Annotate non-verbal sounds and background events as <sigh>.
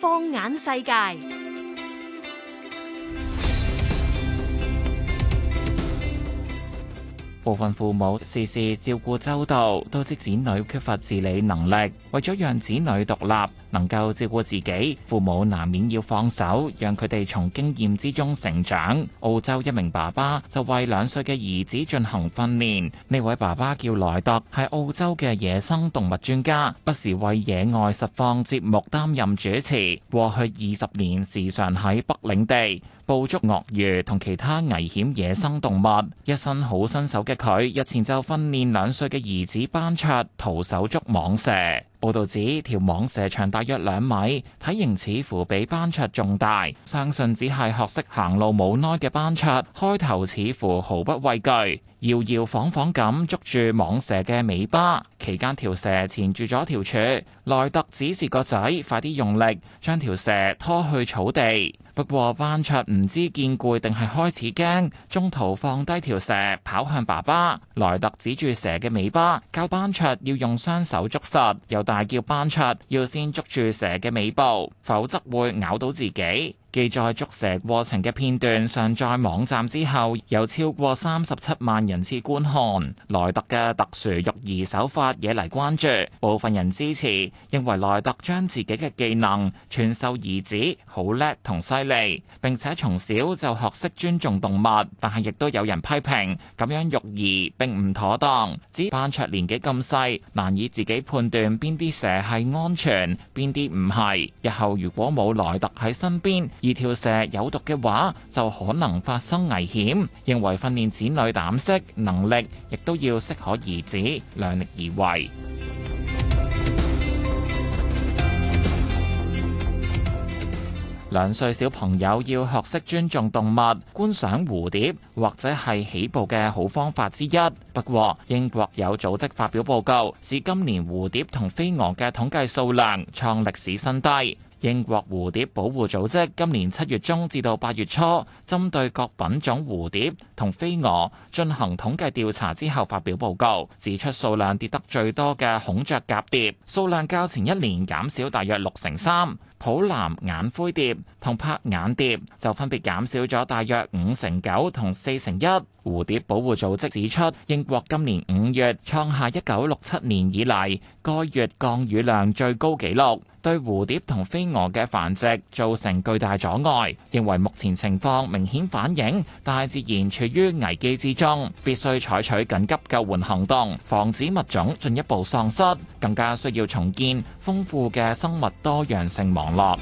放眼世界。部分父母事事照顧周到，導致子女缺乏自理能力。為咗讓子女獨立，能夠照顧自己，父母難免要放手，讓佢哋從經驗之中成長。澳洲一名爸爸就為兩歲嘅兒子進行訓練。呢位爸爸叫萊特，係澳洲嘅野生動物專家，不時為野外實況節目擔任主持。過去二十年，時常喺北領地。捕捉鱷魚同其他危險野生動物，一身好身手嘅佢，日前就訓練兩歲嘅兒子班卓徒手捉蟒蛇。報道指條蟒蛇長大約兩米，體型似乎比班卓仲大。相信只係學識行路冇耐嘅班卓，開頭似乎毫不畏懼，搖搖晃晃咁捉住蟒蛇嘅尾巴。期間條蛇纏住咗條柱，萊特指示個仔快啲用力將條蛇拖去草地。不過班卓唔知見攰定係開始驚，中途放低條蛇跑向爸爸。萊特指住蛇嘅尾巴，教班卓要用雙手捉實，又得。大叫班卓，要先捉住蛇嘅尾部，否則會咬到自己。記載捉蛇過程嘅片段上載網站之後，有超過三十七萬人次觀看。萊特嘅特殊育兒手法惹嚟關注，部分人支持，認為萊特將自己嘅技能傳授兒子，好叻同犀利。並且從小就學識尊重動物，但係亦都有人批評，咁樣育兒並唔妥當。指班卓年紀咁細，難以自己判斷邊啲蛇係安全，邊啲唔係。日後如果冇萊特喺身邊，而條蛇有毒嘅話，就可能發生危險。認為訓練子女膽識能力，亦都要適可而止，量力而為。 <music> 兩歲小朋友要學識尊重動物，觀賞蝴蝶或者係起步嘅好方法之一。不過，英國有組織發表報告，指今年蝴蝶同飛蛾嘅統計數量創歷史新低。英國蝴蝶保護組織今年七月中至到八月初，針對各品種蝴蝶同飛蛾進行統計調查之後，發表報告，指出數量跌得最多嘅孔雀蛺蝶數量較前一年減少大約六成三，普藍眼灰蝶同拍眼蝶就分別減少咗大約五成九同四成一。蝴蝶保護組織指出，英國今年五月創下一九六七年以嚟該月降雨量最高紀錄。對蝴蝶同飛蛾嘅繁殖造成巨大阻礙，認為目前情況明顯反映大自然處於危機之中，必須採取緊急救援行動，防止物種進一步喪失，更加需要重建豐富嘅生物多樣性網絡。